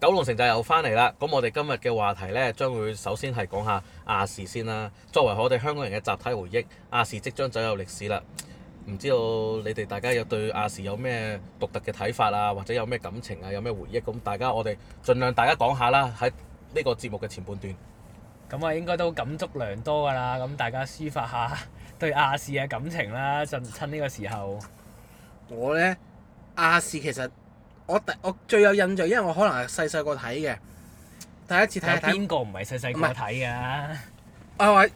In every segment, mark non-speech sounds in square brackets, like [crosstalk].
九龍城就又翻嚟啦。咁我哋今日嘅話題呢，將會首先係講下亞視先啦。作為我哋香港人嘅集體回憶，亞視即將走入歷史啦。唔知道你哋大家有對亞視有咩獨特嘅睇法啊，或者有咩感情啊，有咩回憶？咁大家我哋盡量大家講下啦。喺呢個節目嘅前半段，咁啊應該都感觸良多㗎啦。咁大家抒發下對亞視嘅感情啦，盡趁呢個時候。我呢亞視其實。我第我最有印象，因為我可能係細細個睇嘅，第一次睇。邊個唔係細細個睇噶？啊是，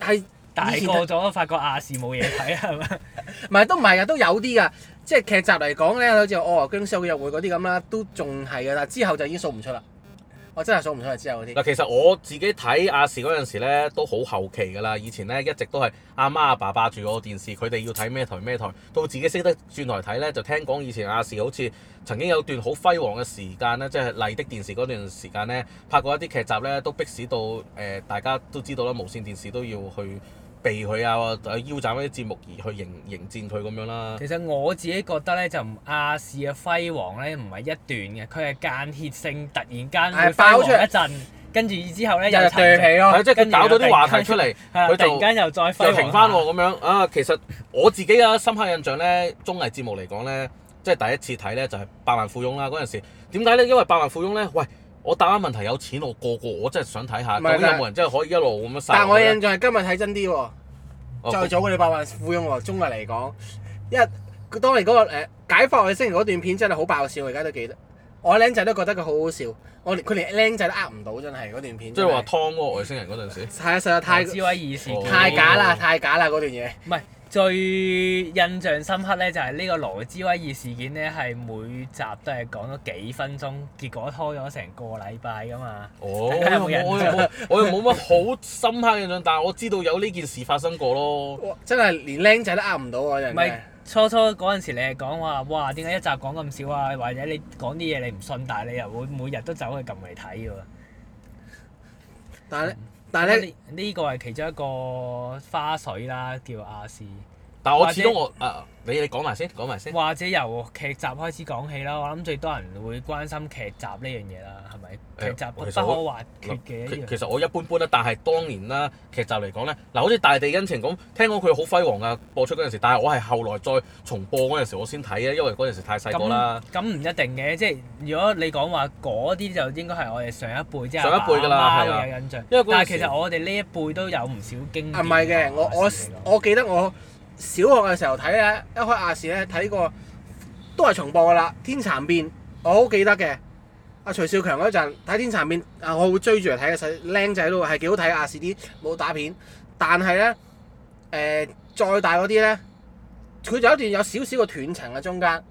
係大個咗發覺亞視冇嘢睇係咪？唔係 [laughs] 吧 [laughs] 都唔係啊，都有啲噶，即係劇集嚟講咧，好似《我和殭屍有個約會》嗰啲咁啦，都仲係啊，但之後就已經數唔出啦。我真係想唔想嚟之後啲？嗱，其實我自己睇亞視嗰陣時咧，都好後期㗎啦。以前咧一直都係阿媽阿爸霸住個電視，佢哋要睇咩台咩台，到自己識得轉台睇咧，就聽講以前亞視好似曾經有段好輝煌嘅時間咧，即係麗的電視嗰段時間咧，拍過一啲劇集咧，都迫使到誒、呃、大家都知道啦，無線電視都要去避佢啊！腰斬嗰啲節目而去迎迎戰佢咁樣啦。其實我自己覺得咧，就亞視嘅輝煌咧，唔係一段嘅，佢係間歇性突然間爆出一陣，哎、跟住之後咧又對皮咯，即係、啊、搞咗啲話題出嚟，佢、啊就啊、突然間又再輝。停翻咁樣啊！其實我自己嘅深刻印象咧，綜藝節目嚟講咧，即係第一次睇咧就係、是《百萬富翁》啦。嗰陣時點解咧？因為《百萬富翁》咧，喂。我答啱問題有錢，我個個我真係想睇下，究竟是有冇人真係可以一路咁樣曬。但我印象係今日睇真啲喎，再早佢哋百萬富翁喎。中國嚟講，因為當年嗰、那個誒、呃、解放外星人嗰段片真係好爆笑，我而家都記得。我僆仔都覺得佢好好笑，我連佢連僆仔都呃唔到，真係嗰段片。即係話劏嗰個外星人嗰陣時。啊！ [laughs] 實在太虛偽、兒 [laughs] 太假啦！太假啦！嗰、哦、段嘢。唔係。最印象深刻咧，就係、是、呢個羅茲威爾事件咧，係每集都係講咗幾分鐘，結果拖咗成個禮拜噶嘛。我又冇，我又冇乜好深刻印象，印象 [laughs] 但係我知道有呢件事發生過咯。真係連僆仔都呃唔到啊！是人哋唔係初初嗰陣時，你係講話，哇點解一集講咁少啊？或者你講啲嘢你唔信，但係你又會每日都走去撳嚟睇喎。但係是咧。嗯但係咧，呢個係其中一個花絮啦，叫亞視。但我始終我或者啊，你你講埋先，講埋先。或者由劇集開始講起啦，我諗最多人會關心劇集呢樣嘢啦，係咪、欸、劇集不可或缺嘅。其實我一般般啦，但係當年啦劇集嚟講咧，嗱好似《大地恩情》咁，聽講佢好輝煌啊！播出嗰陣時，但係我係後來再重播嗰陣時，我先睇嘅，因為嗰陣時太細個啦。咁唔、嗯嗯、一定嘅，即係如果你講話嗰啲，就應該係我哋上一輩即係上一輩㗎啦，係有印象。因為但係其實我哋呢一輩都有唔少經典。唔係嘅，我我我記得我。小學嘅時候睇咧，一開亞視咧睇過，都係重播噶啦，《天蠶變》我好記得嘅。阿徐少強嗰陣睇《天蠶變》，啊我會追住嚟睇嘅，細僆仔都係幾好睇啊！亞視啲武打片，但係咧誒再大嗰啲咧，佢就一段有少少個斷層喺中間。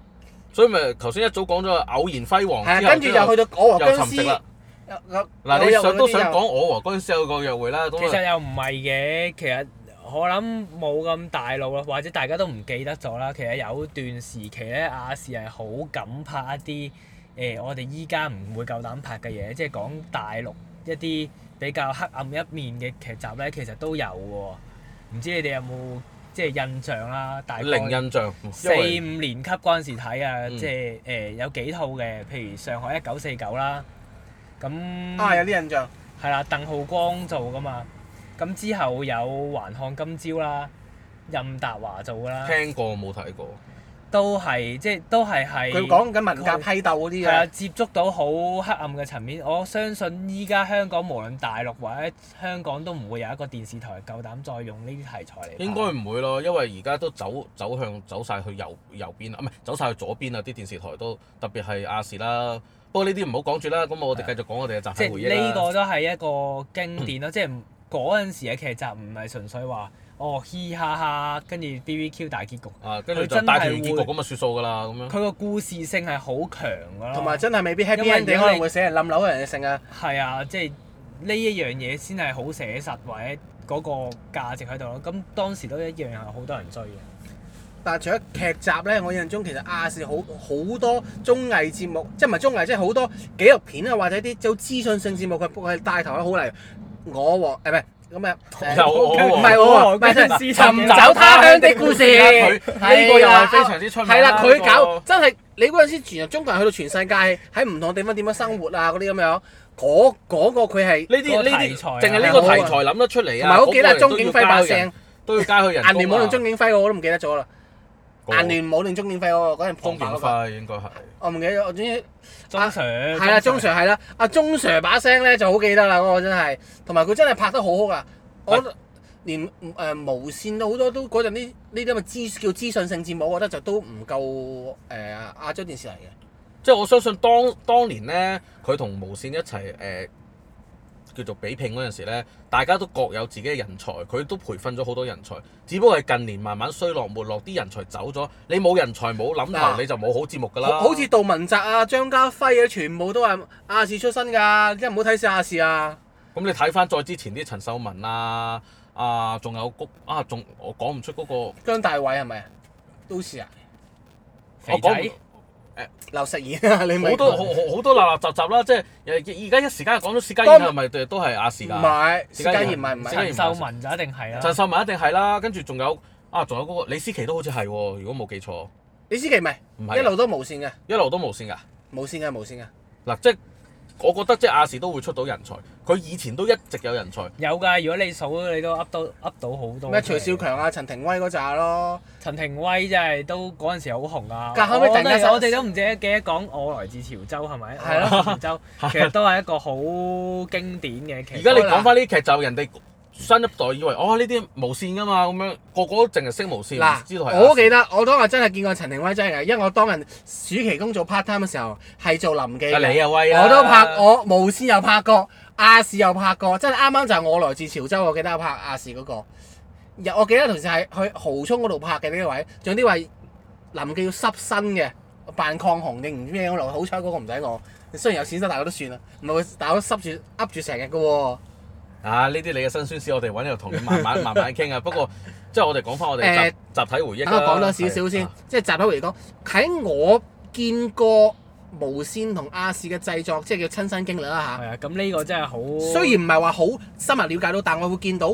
所以咪頭先一早講咗偶然輝煌。係啊，跟住又去到《我和殭屍》。又沉寂啦。啊。嗱，你又都想講《我和殭屍》有個約會啦。其實又唔係嘅，其實。我諗冇咁大路咯，或者大家都唔記得咗啦。其實有段時期咧，亞視係好敢拍一啲誒、呃，我哋依家唔會夠膽拍嘅嘢，即係講大陸一啲比較黑暗一面嘅劇集咧，其實都有喎。唔知你哋有冇即係印象啦？大零印象。四五年級嗰陣時睇啊，即係誒、呃、有幾套嘅，譬如《上海一九四九》啦。咁。啊！有啲印象。係啦，鄧浩光做㗎嘛。咁之後有還看今朝啦，任達華做啦。聽過冇睇過。都係即係都係係。佢講緊民間批鬥嗰啲嘅。係啊，接觸到好黑暗嘅層面。我相信依家香港無論大陸或者香港都唔會有一個電視台夠膽再用呢啲題材嚟。應該唔會咯，因為而家都走走向走晒去右右邊啊，唔係走晒去左邊啊！啲電視台都特別係亞視啦。不過呢啲唔好講住啦，咁我哋繼續講的我哋嘅集體回憶。呢個都係一個經典咯，即係。 [coughs] 嗰陣時嘅劇集唔係純粹話哦，嘻哈哈，跟住 B B Q 大結局。啊，跟住就大結局咁啊，算數㗎啦咁樣。佢個故事性係好強㗎。同埋真係未必 happy 可能會寫人冧樓嘅人性為啊。係啊，即係呢一樣嘢先係好寫實或者嗰個價值喺度咯。咁當時都一樣係好多人追嘅。但係除咗劇集咧，我印象中其實亞視好好多綜藝節目，即係唔係綜藝，即係好多紀錄片啊，或者啲有資訊性節目，佢係帶頭好嚟。我和唔係咁嘅，唔係我，唔係我，係尋找他鄉的故事。呢個又係非常之出名，係啦，佢搞真係你嗰陣時，全中國人去到全世界，喺唔同地方點樣生活啊嗰啲咁樣，嗰個佢係呢啲呢啲，淨係呢個題材諗得出嚟啊！唔係好記得，鍾景輝把聲都要加去人，近年冇用鍾景輝，我都唔記得咗啦。晏年、冇年、嗰個、中年費嗰、嗰個嗰陣播放嗰個。中年費應該係。我唔記得，我總之。阿 Sir。係啦，鐘 Sir 係啦，阿鐘 Sir 把聲咧就好記得啦，嗰個真係，同埋佢真係拍得好好噶。但我連誒、呃、無線都好多都嗰陣呢啲咁嘅資叫資訊性節目，我覺得就都唔夠誒、呃、亞洲電視嚟嘅。即係我相信當當年咧，佢同無線一齊誒。呃叫做比拼嗰陣時咧，大家都各有自己嘅人才，佢都培訓咗好多人才。只不過係近年慢慢衰落沒落，啲人才走咗，你冇人才冇諗頭，啊、你就冇好節目㗎啦。好似杜汶澤啊、張家輝啊，全部都係亞視出身㗎，即係唔好睇小亞視啊。咁、嗯、你睇翻再之前啲陳秀雯啊，啊仲有嗰啊仲我講唔出嗰個。姜、啊那個、大偉係咪？都係啊，肥仔。誒劉詩詩啊，你冇好多好多立立雜雜啦，即係而家一時間講咗薛家燕啦，都唔係都係亞視噶，唔係。陳秀雯就一定係啦，陳秀雯一定係啦，跟住仲有啊，仲有嗰個李思琪都好似係喎，如果冇記錯。李思琪唔係一路都無線嘅，一路都無線噶，無線嘅無線嘅嗱即。我覺得即係亞視都會出到人才，佢以前都一直有人才。有㗎，如果你數，你都噏到噏到好多。咩？徐少強啊，陳庭威嗰扎咯，陳庭威就係都嗰陣時好紅㗎。我哋是我哋都唔記得記得講我來自潮州係咪？係咯，啦潮州其實都係一個好經典嘅劇。而 [laughs] 啦家你講返呢啲劇就人哋。新一代以為哦呢啲無線㗎嘛，咁樣個個都淨係識無線，嗱知道係。我記得我當日真係見過陳庭威真係，因為我當日暑期工做 part time 嘅時候係做臨記，啊你啊威啊、我都拍我無線又拍過亞視又拍過，真係啱啱就係我來自潮州，我記得我拍亞視嗰個。我記得同時係去濠涌嗰度拍嘅呢位，仲有啲話臨記要濕身嘅，扮抗洪定唔知咩嘢我來，好彩嗰個唔使我。你雖然有錢身，但係我都算啦，唔會但我濕住噏住成日嘅喎。啊！呢啲你嘅辛酸史，我哋揾日同你慢慢 [laughs] 慢慢傾啊。不過即係我哋講翻我哋集、欸、集體回憶啦。講多少少先，啊、即係集體回憶講喺我見過無線同亞視嘅製作，即係叫親身經歷啦吓，係啊，咁呢個真係好。雖然唔係話好深入了解到，但我會見到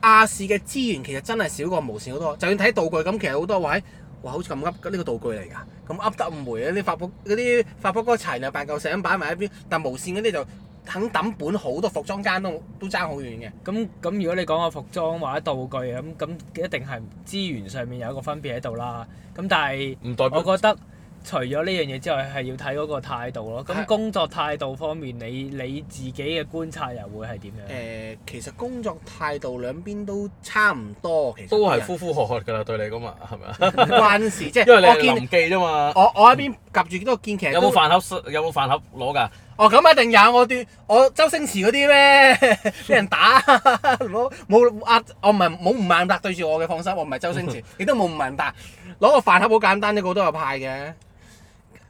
亞視嘅資源其實真係少過無線好多。就算睇道具咁，其實多好多位哇好似咁噏呢個道具嚟㗎，咁噏得噏唔回啊！你發佈嗰啲發佈嗰啲齊，又扮嚿石板擺埋一邊，但無線嗰啲就～肯抌本好，好多服裝間都都爭好遠嘅。咁咁，如果你講個服裝或者道具咁，咁一定係資源上面有一個分別喺度啦。咁但係唔代表我覺得。除咗呢樣嘢之外，係要睇嗰個態度咯。咁、嗯、是工作態度方面，你你自己嘅觀察又會係點樣？誒、呃，其實工作態度兩邊都差唔多，其實都係呼呼喝喝噶啦。對你咁嘛，係咪啊？唔關事，即係我見。臨記啫嘛！我我一邊夾住幾多劍騎。嗯、有冇飯盒？有冇飯盒攞㗎？哦，咁一定有我段我周星馳嗰啲咩？俾 [laughs] 人打攞冇壓，我唔係冇吳孟達對住我嘅放心，我唔係周星馳，亦 [laughs] 都冇吳孟達攞個飯盒好簡單，一個都有派嘅。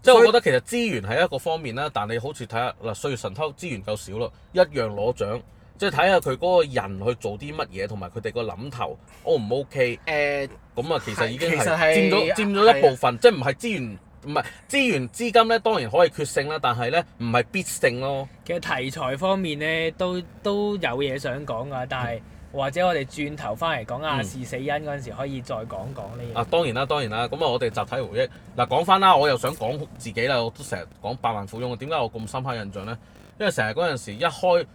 即係我覺得其實資源係一個方面啦，但係你好似睇下嗱，歲月神偷資源夠少咯，一樣攞獎。即係睇下佢嗰個人去做啲乜嘢，同埋佢哋個諗頭 O 唔 O K？誒，咁啊、呃，其實已經係佔咗佔咗一部分，的即係唔係資源？唔係資源資金咧，當然可以決勝啦，但係咧唔係必勝咯。其實題材方面咧，都都有嘢想講㗎，但係。或者我哋轉頭翻嚟講亞視死因嗰陣時可以再講講呢樣。啊，當然啦，當然啦，咁啊我哋集體回憶嗱講翻啦，我又想講自己啦，我都成日講《百萬富翁》。點解我咁深刻印象咧？因為成日嗰陣時一開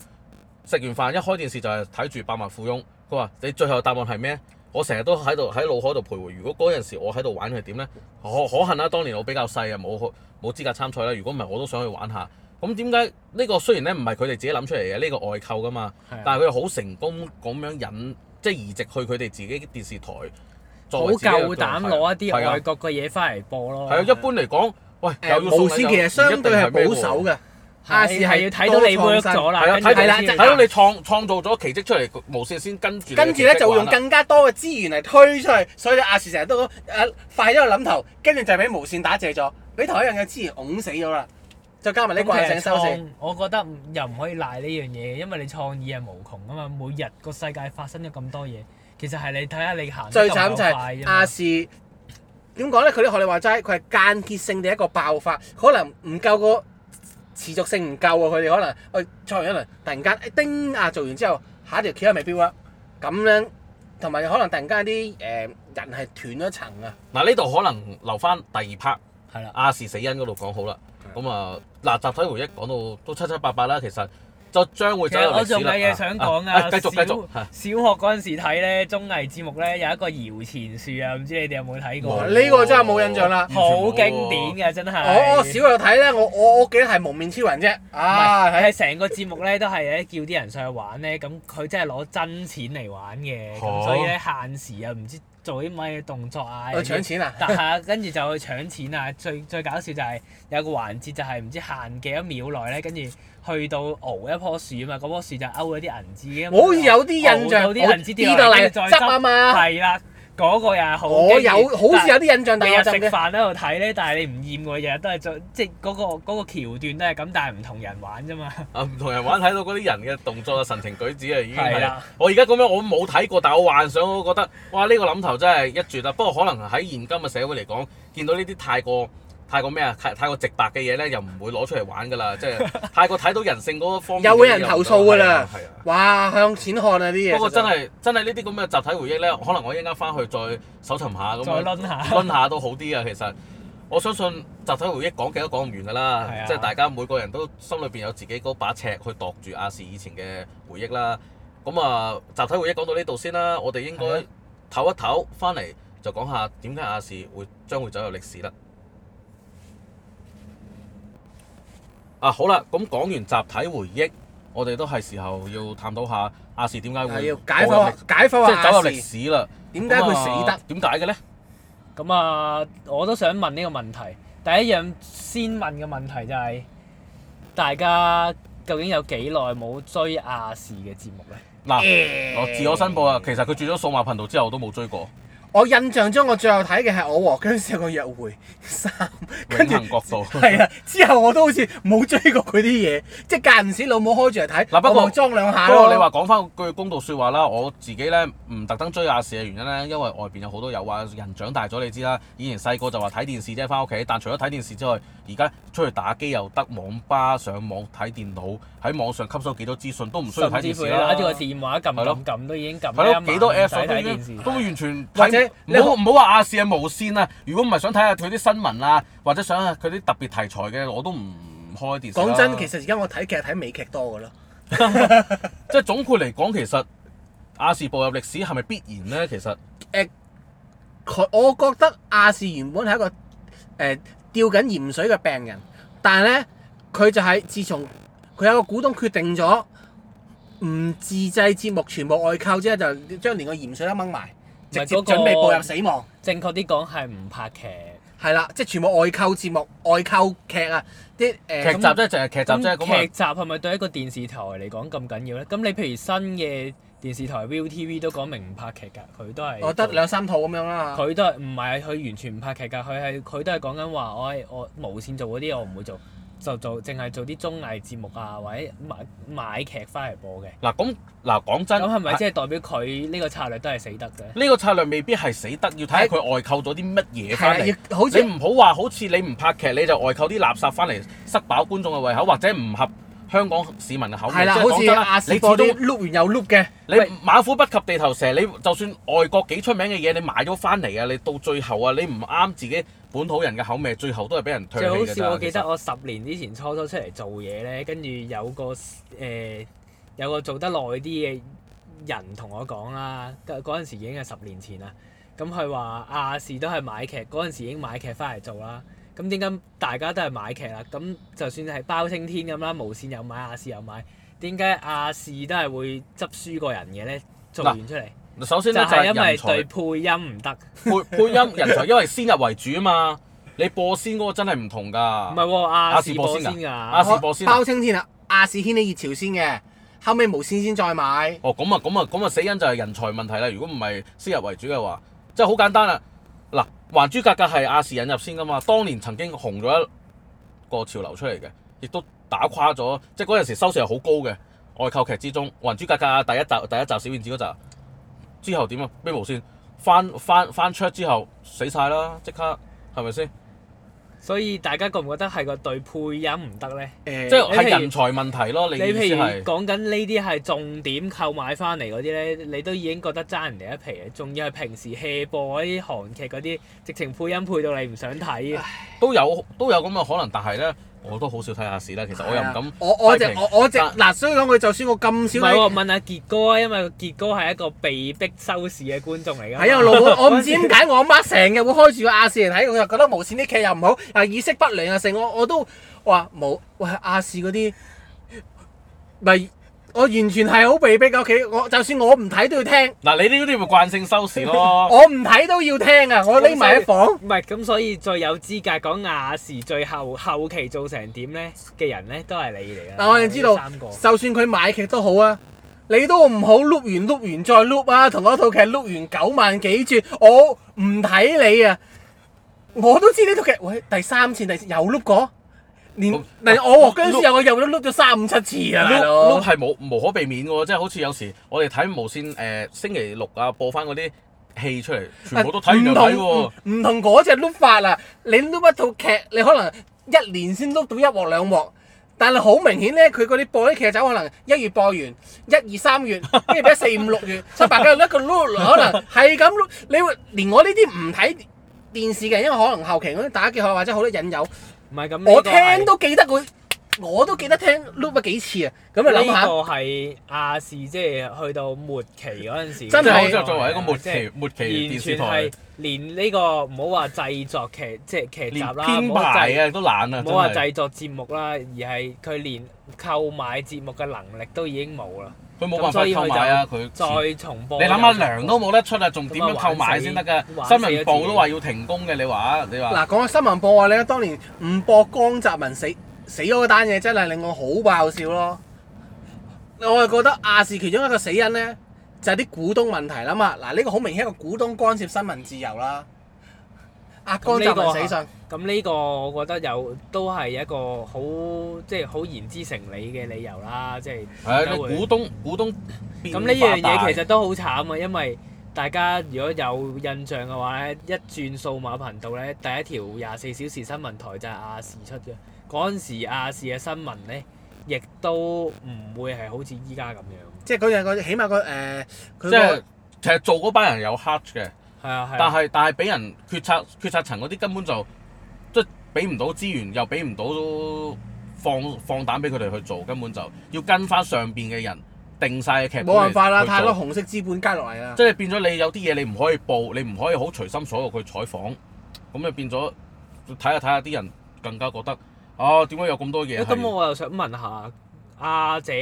食完飯一開電視就係睇住《百萬富翁》。佢話：你最後答案係咩？我成日都喺度喺腦海度徘徊。如果嗰陣時我喺度玩係點咧？可可恨啦！當年我比較細啊，冇冇資格參賽啦。如果唔係，我都想去玩下。咁點解呢個雖然咧唔係佢哋自己諗出嚟嘅，呢個外購噶嘛，但係佢好成功咁樣引，即係移植去佢哋自己嘅電視台，好夠膽攞一啲外國嘅嘢翻嚟播咯。係啊，一般嚟講，喂，無線其實相對係保守嘅，亞視係要睇到你 work 咗啦，睇到你創創造咗奇蹟出嚟，無線先跟住。跟住咧就用更加多嘅資源嚟推出去，所以亞視成日都誒快咗個諗頭，跟住就俾無線打借咗，俾台慶嘅資源㧬死咗啦。再加埋呢個整創，視我覺得又唔可以賴呢樣嘢，因為你創意係無窮㗎嘛。每日個世界發生咗咁多嘢，其實係你睇下你行。最慘就係亞視點講咧？佢啲學你話齋，佢係間歇性嘅一個爆發，可能唔夠個持續性，唔夠啊。佢哋可能喂、哎，創完一輪，突然間、欸、叮啊做完之後，下一條橋係未必 work 啦。咁樣同埋可能突然間啲誒、呃、人係斷咗層啊。嗱呢度可能留返第二 part，係啦，亞視死因嗰度講好啦。咁啊，嗱，集體回憶講到都七七八八啦，其實就將會走入歷史啦。我仲有嘢想講啊！繼續繼續，小，啊、小學嗰陣時睇咧綜藝節目咧有一個搖錢樹啊，唔知你哋有冇睇過？呢、呢個真係冇印象啦，好經典嘅真係。我我小學睇咧，我我，我記得係蒙面超人啫，啊，佢係成個節目咧都係咧叫啲人上去玩咧，咁佢真係攞真錢嚟玩嘅，咁、啊、所以咧限時又唔知。做啲乜嘢動作啊？去搶錢啊！係 [laughs] 啊，跟住就去搶錢啊！最最搞笑就係有個環節就係、是、唔知限幾多秒內咧，跟住去到熬一棵樹啊嘛，嗰棵樹就勾咗啲銀紙啊好似有啲印象，呢度嚟再執啊嘛。係啦。嗰個又係好，我有好似有啲印象但，但係食飯喺度睇咧，但係你唔厭喎，日日都係做，即係嗰個嗰個橋段都係咁，但係唔同人玩啫嘛。 [laughs] 啊，唔同人玩，睇到嗰啲人嘅動作啊、神情舉止啊，已經係。 [laughs] 的我而家咁樣，我冇睇過，但係我幻想，我覺得，哇！呢個諗頭真係一絕啦。不過可能喺現今嘅社會嚟講，見到呢啲太過。太過咩啊？太太過直白嘅嘢咧，又唔會攞出嚟玩噶啦！即係 [laughs] 太過睇到人性嗰個方面，又會有人投訴噶啦？係啊！哇，向錢看啊啲嘢！不過真係真係呢啲咁嘅集體回憶咧，可能我一陣間翻去再搜尋下咁，再攆下，攆下都好啲啊！其實我相信集體回憶講幾都講唔完噶啦，啊、即係大家每個人都心裏邊有自己嗰把尺去度住亞視以前嘅回憶啦。咁啊，集體回憶講到呢度先啦，我哋應該唞一唞，翻嚟就講下點解亞視會將會走入歷史啦。啊，好啦，咁講完集體回憶，我哋都係時候要探討下亞視點解會解剖啊，即係走入歷史啦。點解佢死得？點解嘅咧？咁啊，我都想問呢個問題。第一樣先問嘅問題就係、是，大家究竟有幾耐冇追亞視嘅節目咧？嗱、啊，我自我申報啊，其實佢住咗數碼頻道之後，我都冇追過。我印象中，我最後睇嘅係《我和僵屍有個約會三》，行角度，係啊，之後我都好似冇追過佢啲嘢，即係間唔時老母開住嚟睇，嗱，不過裝兩下。不過你話講翻句公道説話啦，我自己咧唔特登追亞視嘅原因咧，因為外邊有好多友話人長大咗你知啦，以前細個就話睇電視啫，翻屋企，但除咗睇電視之外，而家出去打機又得，網吧上網睇電腦，喺網上吸收幾多資訊都唔需要睇電視啦。攞住個電話撳撳撳都已經撳幾多萬。幾多 Apps 都完全或唔好唔好話亞視係無線啊！如果唔係想睇下佢啲新聞啊，或者想下佢啲特別題材嘅，我都唔開電視。講真，其實而家我睇劇睇美劇多嘅咯。即係總括嚟講，其實亞視步入歷史係咪必然咧？其實誒，佢、呃、我覺得亞視原本係一個誒、呃、吊緊鹽水嘅病人，但係咧佢就係自從佢有個股東決定咗唔自製節目，全部外購之後，就將連個鹽水都掹埋。那個、直接準備步入死亡。正確啲講係唔拍劇。係啦，即係全部外購節目、外購劇啊！啲、呃、誒劇集即係淨係劇集即、就、係、是、劇集、就是，係咪那對一個電視台嚟講咁緊要咧？咁你譬如新嘅電視台 Viu TV 都講明唔拍劇㗎，佢都係、那個。我覺得兩三套咁樣啦。佢都係唔係佢完全唔拍劇㗎？佢係佢都係講緊話，我係我無線做嗰啲我唔會做。就做淨係做啲綜藝節目啊，或者買買劇翻嚟播嘅。嗱咁，嗱講真，咁係咪即係代表佢呢個策略都係死得嘅？呢個策略未必係死得，要睇下佢外購咗啲乜嘢翻嚟。你唔好話，好似你唔拍劇，你就外購啲垃圾翻嚟塞飽觀眾嘅胃口，或者唔合香港市民嘅口味，的即係講得亞視，你都碌完又碌嘅。你馬虎不及地頭蛇，你就算外國幾出名嘅嘢，你買咗翻嚟啊！你到最後啊，你唔啱自己本土人嘅口味，最後都係俾人推。最好笑，我記得我十年之前初初出嚟做嘢咧，跟住有個誒、呃、有個做得耐啲嘅人同我講啦，嗰嗰陣時已經係十年前啦。咁佢話亞視都係買劇，嗰陣時已經買劇翻嚟做啦。咁點解大家都係買劇啦？咁就算係包青天咁啦，無線有買亞視有買，點解亞視都係會執輸過人嘅咧？做完出嚟，首先就係因為對配音唔得。配配音人才，因為先入為主啊嘛！你播先嗰個真係唔同㗎。唔係喎，亞視、啊、播先㗎，亞視播先。包青天啊，亞視掀起熱潮先嘅，後尾無線先再買。哦，咁啊，咁啊，咁啊，死因就係人才問題啦！如果唔係先入為主嘅話，真係好簡單啊！嗱。還珠格格係亞視引入先㗎嘛，當年曾經紅咗一個潮流出嚟嘅，亦都打垮咗，即係嗰陣時收視係好高嘅。外購劇之中，還珠格格第一集第一集小燕子嗰集之後點啊？咩無線翻翻翻 check 之後死晒啦！即刻係咪先？所以大家覺唔覺得係個對配音唔得呢？誒、嗯，即係人才問題咯。你譬如講緊呢啲係重點購買翻嚟嗰啲呢，嗯、你都已經覺得爭人哋一皮，仲要係平時 hea 播嗰啲韓劇嗰啲，直情配音配到你唔想睇，都有都有咁嘅可能，但係呢。我都好少睇亞視啦，其實我又唔敢、啊。我我隻我我隻嗱、啊，所以講佢，就算我咁少。唔係是問下傑哥啊，因為傑哥係一個被逼收視嘅觀眾嚟㗎。係啊，我老 [laughs] 我我唔知點解我阿媽成日會開住個亞視嚟睇，我又覺得無線啲劇又唔好，嗱意識不良又成，我我都話冇哇亞視嗰啲咪。我完全係好被逼，嘅，我就算我唔睇都要聽。嗱，你呢啲咪慣性收視咯、啊。 [laughs] 我唔睇都要聽啊！我匿埋喺房。唔係，咁所以最有資格講亞視最後後期做成點咧嘅人咧，都係你嚟噶。嗱，我哋知道，三個就算佢買劇都好啊，你都唔好碌完碌完再碌啊！同一套劇碌完九萬幾轉，我唔睇你啊，我都知呢套劇。喂，第三次又碌過。年嚟連、啊、我跟住又我又碌咗三五七次啊！係咯是，係冇冇可避免喎，即、就、係、是、好似有時我哋睇無線誒、呃、星期六啊播翻嗰啲戲出嚟，全部都睇唔到。唔、啊、同嗰隻碌法啦、啊，你碌一套劇，你可能一年先碌到一鑊兩鑊，但係好明顯咧，佢嗰啲播啲劇集可能一月播完，一二三月，跟住俾四五六月、七八九月一個碌， [laughs] 可能係咁碌。你會連我呢啲唔睇電視嘅，因為可能後期嗰啲打結號或者好多引誘。唔係咁，這個、我聽都記得佢我都記得聽 loop 咗幾次啊。咁啊諗下呢個係亞視，即、就、係、是、去到末期嗰陣時，真係作為一個末期末期電視台，完全連呢、這個唔好話製作劇即係劇集啦，編排啊都懶啊，唔好話製作節目啦，啊、而係佢連購買節目嘅能力都已經冇啦。佢冇辦法購買啊！佢再重播。前重播你諗下糧都冇得出啊，仲點樣購買先得噶？新聞，部新聞部都話要停工嘅，你話你話嗱講起新聞報話咧，當年誤報江澤民死死咗嗰單嘢，真係令我好爆笑咯！我係覺得亞視其中一個死因咧，就係啲股東問題啦嘛。嗱呢、這個好明顯一個股東干涉新聞自由啦。阿哥呢個死訊，咁、這、呢個我覺得有都係一個好即係好言之成理嘅理由啦，即係。係股東股東。咁呢樣嘢其實都好慘啊，因為大家如果有印象嘅話咧，一轉數碼頻道咧，第一條廿四小時新聞台就係亞視出嘅。嗰陣時亞視嘅新聞咧，亦都唔會係好似依家咁樣。即係嗰陣嗰起碼、呃、個誒佢。即係其實做嗰班人有 heart 嘅。係啊！但係但係俾人決策決策層嗰啲根本就即係俾唔到資源，又俾唔到放放膽俾佢哋去做，根本就要跟翻上邊嘅人定晒嘅劇。冇辦法啦，太多紅色資本加落嚟啦。即係變咗你有啲嘢你唔可以報，你唔可以好隨心所欲去採訪，咁又變咗睇下睇下啲人更加覺得啊點解有咁多嘢？咁我又想問下阿姐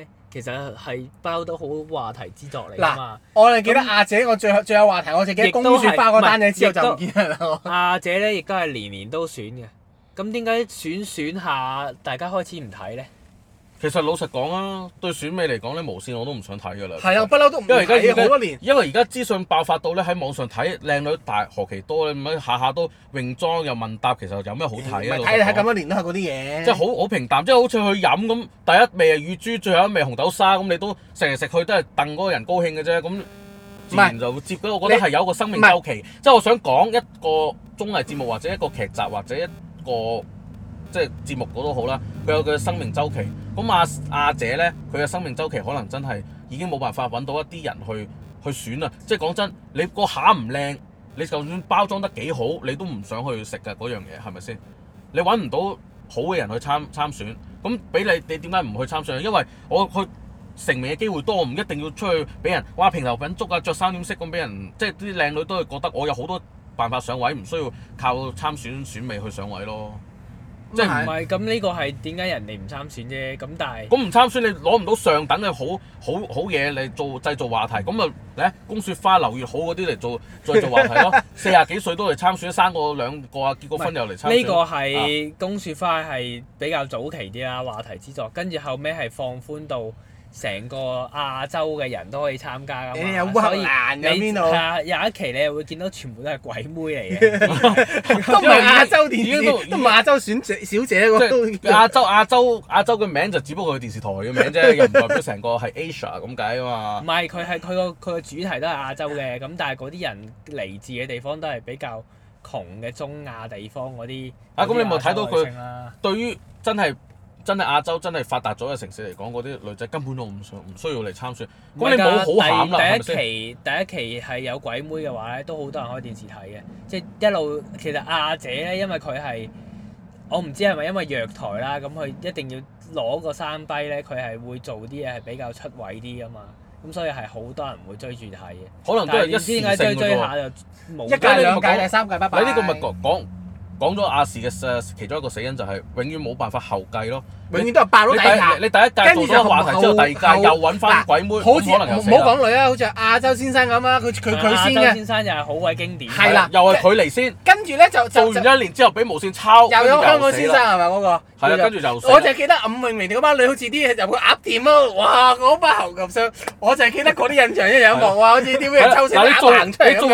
咧。其實係包得好話題之作嚟嘅嘛！我哋記得亞姐，我最最有話題，那我哋記得公主包嗰單嘢之後就唔見人咯。 [laughs] 亞姐咧，亦都係年年都選嘅。咁點解選選下，大家開始唔睇咧？其實老實講啊，對選美嚟講咧，無線我都唔想睇㗎啦。係啊，不嬲都因為而家因為而家資訊爆發到咧，喺網上睇靚女大何其多咧，咁樣下下都泳裝又問答，其實有咩好睇咧？睇睇咁多年啦，嗰啲嘢。即係好好平淡，即係好似去飲咁，第一味係乳豬，最後一味紅豆沙咁，你都成日食去都係戥嗰個人高興嘅啫。咁自然就會接嗰個，是我覺得係有一個生命週期。即係我想講一個綜藝節目或者一個劇集或者一個即係節目嗰都好啦，佢有個生命週期。嗯嗯。咁阿阿姐呢，佢嘅生命周期可能真係已經冇辦法揾到一啲人去去選啦。即係講真，你個餡唔靚，你就算包裝得幾好，你都唔想去食嘅嗰樣嘢，係咪先？你揾唔到好嘅人去參參選，咁俾你，你點解唔去參選？因為我去成名嘅機會多，我唔一定要出去俾人話評頭品足啊，着三點式咁俾人，即係啲靚女都係覺得我有好多辦法上位，唔需要靠參選選美去上位咯。即係唔係咁，呢個係點解人哋唔參選啫？咁但係咁，唔參選你攞唔到上等嘅好好好嘢嚟做製造話題，咁啊嚟宮雪花留月好嗰啲嚟做再做話題咯。四十幾歲都嚟參選，生過兩個啊，結過婚又嚟參選。呢、這個係宮雪花係比較早期啲啦，話題之作。跟住後尾係放寬到。成個亞洲嘅人都可以參加㗎嘛，可以你度有一期你會見到全部都係鬼妹嚟嘅。 [laughs] [laughs] 都唔係亞洲電視，都，也都亞洲選小姐小姐喎。亞洲亞洲亞洲嘅名就只不過係電視台嘅名啫， [laughs] 又唔代表成個係 Asia 咁解啊嘛。唔係佢係佢個佢個主題都係亞洲嘅，咁但係嗰啲人嚟自嘅地方都係比較窮嘅中亞地方嗰啲。啊咁你有冇睇到佢對於真係？真係亞洲真係發達咗嘅城市嚟講，嗰啲女仔根本都唔想唔需要嚟參選。好慘啦，第一期是是第一期係有鬼妹嘅話咧，都好多人開電視睇嘅。即、就、係、是、一路，其實亞姐咧，因為佢係我唔知係咪因為弱台啦，咁佢一定要攞個山低咧，佢係會做啲嘢係比較出位啲啊嘛。咁所以係好多人會追住睇嘅。可能都係一時性嘅。追追一屆兩屆嚟三屆拜拜。嚟啲咪講講咗亞視嘅其中一個死因就係永遠冇辦法後繼咯。永遠都係白佬第一，你第一屆做完話題之後，第二屆又揾翻鬼妹，好似唔好講女啊，好似亞洲先生咁啊，佢佢先嘅亞洲先生又係好鬼經典，係啦，又係佢嚟先。跟住咧就做完一年之後，俾無線抄。又有香港先生係咪嗰個？係啊，跟住就我就記得伍永明嗰班女，好似啲嘢入個鴨店啊！哇，嗰班喉嚨傷，我就係記得嗰啲印象一有幕哇，好似啲咩抽成鴨蛋出嚟咁，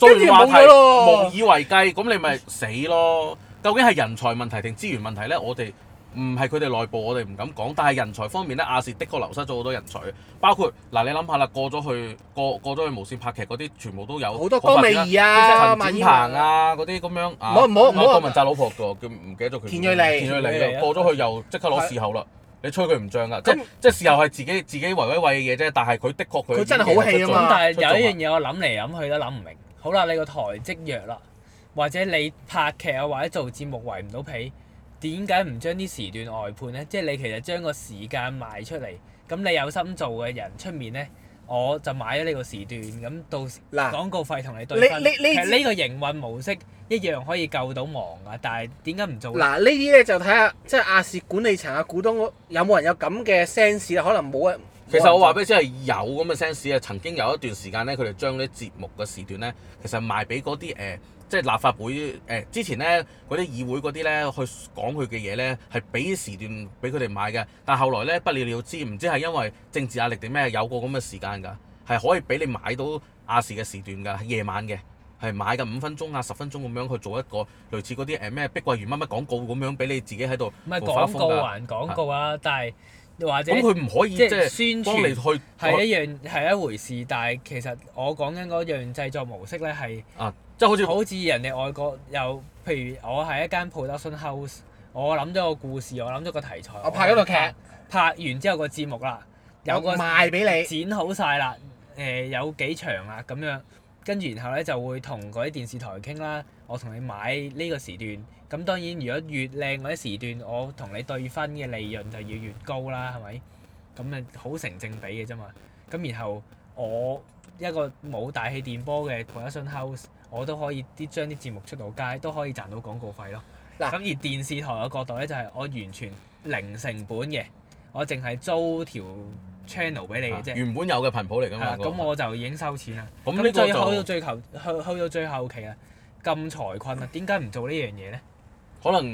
跟住無以為繼，咁你咪死咯！究竟係人才問題定資源問題咧？我哋唔係佢哋內部，我哋唔敢講。但係人才方面咧，亞視的確流失咗好多人才，包括嗱，你諗下啦，過咗去過過咗去無線拍劇嗰啲，全部都有好多江美儀啊、陳展鵬啊嗰啲咁樣。冇好冇杜汶澤老婆㗎，叫唔記得咗佢。田蕊妮田蕊妮過咗去又即刻攞視後啦，你吹佢唔漲㗎。即即視後係自己自己維維維嘅嘢啫，但係佢的確佢。佢真係好戲啊！但係有一樣嘢我諗嚟諗去都諗唔明。好啦，你個台積弱啦，或者你拍劇啊，或者做節目圍唔到皮。點解唔將啲時段外判咧？即係你其實將個時間賣出嚟，咁你有心做嘅人出面咧，我就買咗呢個時段，咁到時廣告費同你對分。嘆其實呢個營運模式一樣可以救到忙噶，但係點解唔做嗱，呢啲咧就睇下，即係亞視管理層啊、股東有冇人有咁嘅 sense 啦？可能冇啊。其實我話俾你知係有咁嘅 sense 啊！曾經有一段時間咧，佢哋將啲節目嘅時段咧，其實賣俾嗰啲誒。呃即係立法會誒，之前咧嗰啲議會嗰啲咧去講佢嘅嘢咧，係俾時段俾佢哋買嘅。但係後來咧，不了了之，唔知係因為政治壓力定咩，有個咁嘅時間㗎，係可以俾你買到亞視嘅時段㗎，夜晚嘅，係買嘅五分鐘啊、十分鐘咁樣去做一個類似嗰啲誒咩碧桂園乜乜廣告咁樣，俾你自己喺度。咪廣告還廣告啊！是但係或者咁佢唔可以即係幫你去係一樣係一回事，但係其實我講緊嗰樣製作模式咧係。啊。即好似好似人哋外國有，譬如我係一間 production house，我諗咗個故事，我諗咗個題材。我拍咗套劇，拍完之後個節目啦，有個賣俾你，剪好晒啦，誒、呃、有幾長啦、啊、咁樣，跟住然後咧就會同嗰啲電視台傾啦，我同你買呢個時段，咁當然如果越靚嗰啲時段，我同你對分嘅利潤就要越、越高啦，係咪？咁誒好成正比嘅啫嘛。咁然後我一個冇大氣電波嘅 production house。我都可以啲將啲節目出到街，都可以賺到廣告費咯。咁、啊、而電視台嘅角度咧，就係、是、我完全零成本嘅，我淨係租條 channel 俾你嘅啫、啊。原本有嘅頻譜嚟㗎嘛。咁、啊那個、我就已經收錢啦。咁你最後到最後去去到最後期啦，咁財困啦，點解唔做呢樣嘢咧？可能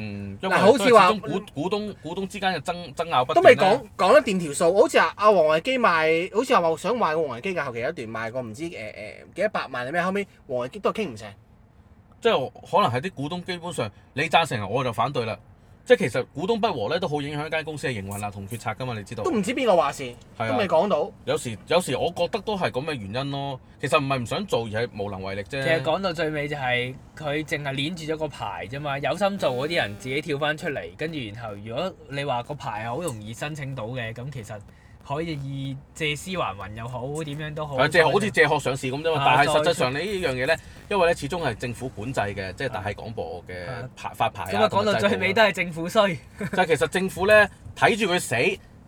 因為，好似話股股東股東之間嘅爭爭拗不斷。都未講講得掂條數，好似話阿阿黃維基賣，好似又話想賣個黃維基㗎，後期一段賣過唔知誒誒、呃、幾百萬定咩，後尾黃維基都係傾唔成。即係可能係啲股東基本上，你贊成，我就反對啦。即係其實股東不和咧，都好影響一間公司嘅營運啊同決策噶嘛，你知道。都唔知邊個話事，係啊、都未講到。有時有時，我覺得都係咁嘅原因咯。其實唔係唔想做，而係無能為力啫。其實講到最尾就係佢淨係攆住咗個牌啫嘛。有心做嗰啲人自己跳翻出嚟，跟住然後，如果你話個牌係好容易申請到嘅，咁其實。可以以借屍還魂又好，點樣都好。係借好似借殼上市咁啫嘛，但係實際上你呢依樣嘢咧，因為咧始終係政府管制嘅，即係但係廣播嘅牌發牌。咁啊，講到最尾都係政府衰。就其實政府咧睇住佢死，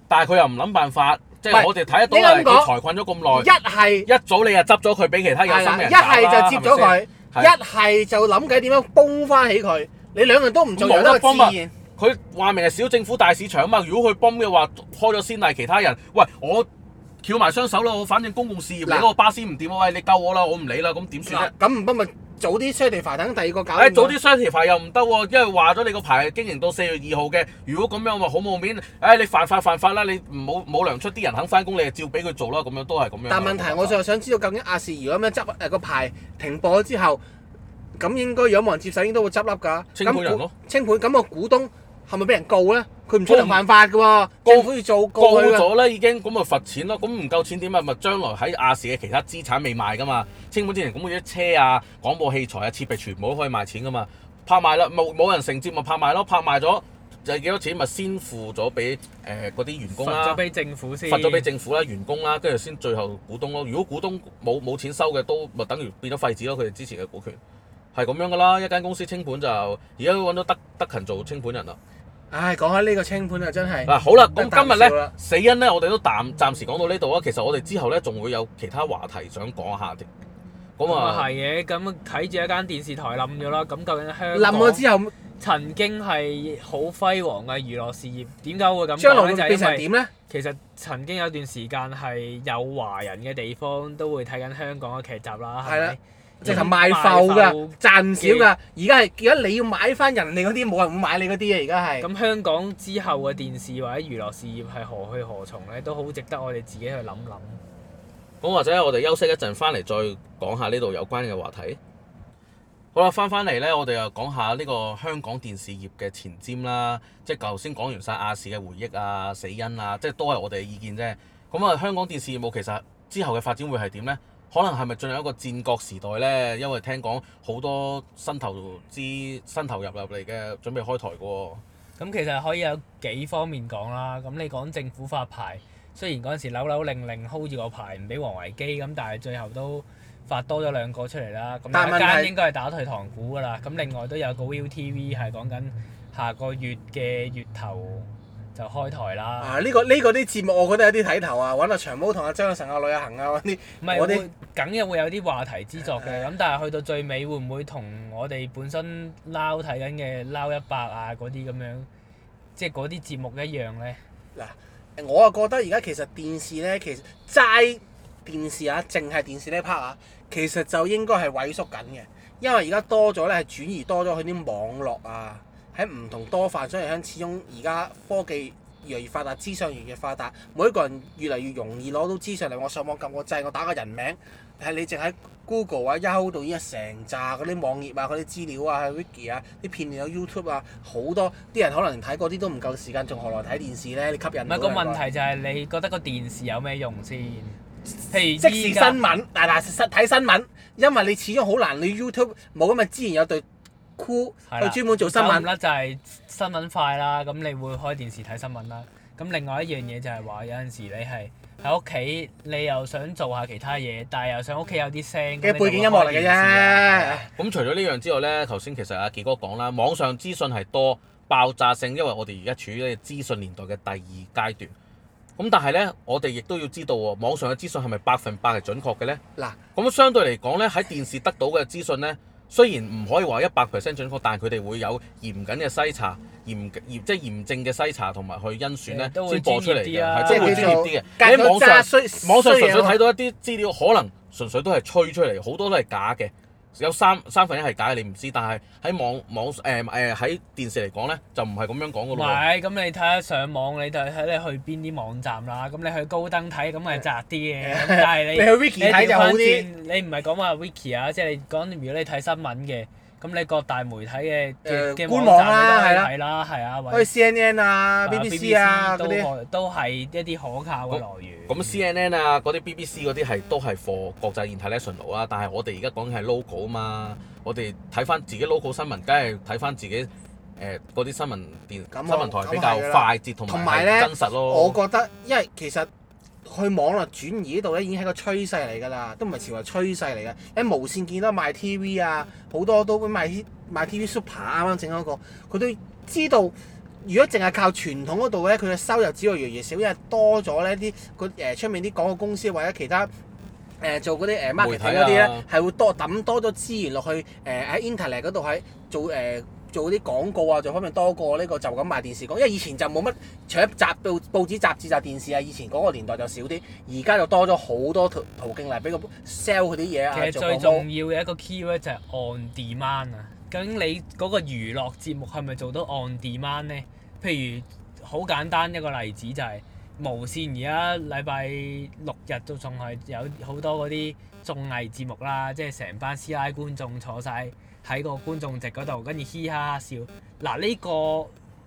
但係佢又唔諗辦法，即係我哋睇得到佢財困咗咁耐。一係一早你又執咗佢俾其他有心人，一係就接咗佢，一係就諗緊點樣崩翻起佢。你兩樣都唔做，有得方佢話明係小政府大市場啊嘛！如果佢幫嘅話，開咗先例，其他人，喂，我翹埋雙手啦，我反正公共事業，你嗰喇 個巴士唔掂，喂，你救我啦，我唔理啦，咁點算咧？咁唔通咪早啲 share 等第二個搞，哎？早啲 share 又唔得喎，因為話咗你個牌經營到四月二號嘅。如果咁樣話好冇面，誒、哎，你犯法犯法啦，你冇冇糧出，啲人肯翻工，你就照俾佢做啦，咁樣都係咁樣。樣但係問題我就係想知道，究竟亞視如果咁樣執誒個牌停播咗之後，咁應該有冇人接手，應該都會執笠㗎？清盤人咯，清盤咁個股東。係咪俾人告咧？佢唔出嚟犯法嘅喎。不政府要做告咗咧，已經咁咪罰錢咯。咁唔夠錢點啊？咪將來喺亞視嘅其他資產未賣嘅嘛，清盤之前咁嗰啲車啊、廣播器材啊、設備全部都可以賣錢嘅嘛。拍賣啦，冇冇人承接咪拍賣咯？拍賣咗就係幾多錢？咪先付咗俾誒嗰啲員工啦、啊。罰咗俾政府先。罰咗俾政府啦，員工啦、啊，跟住先最後股東咯、啊。如果股東冇冇錢收嘅都咪等於變咗廢紙咯。佢哋之前嘅股權係咁樣嘅啦。一間公司清盤就而家都揾咗德德勤做清盤人啦。唉，講開呢個清盤啊，真係嗱好啦了，咁今日咧死因咧，我哋都暫暫時講到呢度啊。其實我哋之後咧仲會有其他話題想講下啲咁啊，係嘅。咁睇住一間電視台冧咗啦。咁究竟香港冧咗之後，曾經係好輝煌嘅娛樂事業，點解會咁將來會變成點咧？其實曾經有段時間係有華人嘅地方都會睇緊香港嘅劇集啦，係咪的？即係賣貨噶賺少噶，而家係而家你要買翻人哋嗰啲，冇人會買你嗰啲啊！而家係咁香港之後嘅電視或者娛樂事業係何去何從咧，都好值得我哋自己去諗諗。咁或者我哋休息一陣，翻嚟再講下呢度有關嘅話題。好啦，翻翻嚟咧，我哋又講下呢個香港電視業嘅前瞻啦。即係頭先講完晒亞視嘅回憶啊、死因啊，即係都係我哋嘅意見啫。咁啊，香港電視業務其實之後嘅發展會係點咧？可能係咪進入一個戰國時代呢？因為聽講好多新投資、新投入入嚟嘅，準備開台喎。咁其實可以有幾方面講啦。咁你講政府發牌，雖然嗰陣時扭扭令令 hold 住個牌，唔俾王維基，咁但係最後都發多咗兩個出嚟啦。咁一間應該係打退堂鼓㗎啦。咁另外都有個 ViuTV 係講緊下個月嘅月頭。就開台啦！啊，呢、這個呢、這個啲節目，我覺得有啲睇頭啊，搵阿、啊、長毛同阿張信阿旅行啊嗰啲，咁啊，啊是些會梗係會有啲話題之作嘅。咁、啊、但係去到最尾，會唔會同我哋本身撈睇緊嘅撈一百啊嗰啲咁樣，即係嗰啲節目一樣咧？嗱、啊，我啊覺得而家其實電視咧，其實齋電視啊，淨係電視呢 part 啊，其實就應該係萎縮緊嘅，因為而家多咗咧，係轉移多咗佢啲網絡啊。喺唔同多範種嘢，始終而家科技越嚟越發達，資訊越嚟越發達，每一個人越嚟越容易攞到資訊嚟。我上網撳個掣，我打個人名，但係你淨喺 Google 啊 Yahoo 度已經成扎嗰啲網頁啊、嗰啲資料啊、Wiki 啊、啲片段有 YouTube 啊，好多啲人可能睇嗰啲都唔夠時間，仲何來睇電視咧？你吸引唔係個問題就係你覺得個電視有咩用先？譬如即時新聞，但係實睇新聞，因為你始終好難，你 YouTube 冇咁嘅資源有，有對。佢專門做新聞啦，走走就係新聞快啦。咁你會開電視睇新聞啦。咁另外一樣嘢就係話，有陣時你係喺屋企，你又想做下其他嘢，但係又想屋企有啲聲嘅背景音樂嚟嘅啫。咁除咗呢樣之外呢，頭先其實阿傑哥講啦，網上資訊係多爆炸性，因為我哋而家處於資訊年代嘅第二階段。咁但係呢，我哋亦都要知道喎，網上嘅資訊係咪百分百係準確嘅呢？嗱喇，咁相對嚟講呢，喺電視得到嘅資訊呢，雖然唔可以話一百 percent 準確，但係佢哋會有嚴謹嘅篩查、嚴嚴即係嚴正嘅篩查同埋去甄選咧，先播出嚟嘅，係真係會專業啲嘅、啊。喺網上網上純粹睇到一啲資料，衰可能純粹都係吹出嚟，好多都係假嘅。有三三分一係假，你唔知，但係喺網網誒誒喺電視嚟講咧，就唔係咁樣講噶咯。唔咁、嗯、你睇下上網，你睇睇你去邊啲網站啦。咁你去高登睇，咁係窄啲嘅，但係你 [laughs] 你去 Wiki 睇就好啲。你唔係講話 Wiki 啊，即係你講如果你睇新聞嘅。咁你各大媒體嘅嘅官網啦，都睇啦，係啊，喂，或者 C N N 啊，B B C 啊，啲都係一啲可靠嘅來源。咁 C N N 啊，嗰啲 B B C 嗰啲係都係 for 國際媒體咧，順路啦。但係我哋而家講嘅係 local 啊嘛，我哋睇翻自己 local 新聞，梗係睇翻自己誒嗰啲新聞電新聞台比較快捷同埋真實咯。我覺得，因為其實。佢網絡轉移呢度咧已經係個趨勢嚟㗎啦，都唔係潮流趨勢嚟嘅。喺無線見到賣 TV 啊，好多都會賣賣 TV Super 啱啱整嗰個，佢都知道如果淨係靠傳統嗰度咧，佢嘅收入只會越嚟越少，因為多咗咧啲誒出面啲廣告公司或者其他誒、呃、做嗰啲誒 market 嗰啲咧，係、呃、會多抌多咗資源落去誒喺 Internet 嗰度喺做誒。呃呃做啲廣告啊、這個，就可能多過呢個就咁賣電視講，因為以前就冇乜，除咗雜報、報紙、雜誌集電視啊。以前嗰個年代就少啲，而家就多咗好多途途徑。嚟如俾個 sell 佢啲嘢啊。其實最重要嘅一個 keyword 就係 on demand 啊。究竟你嗰個娛樂節目係咪做到 on demand 咧？譬如好簡單一個例子就係、是、無線，而家禮拜六日都仲係有好多嗰啲綜藝節目啦，即係成班師奶觀眾坐晒。喺個觀眾席嗰度，跟住嘻哈哈笑。嗱，呢個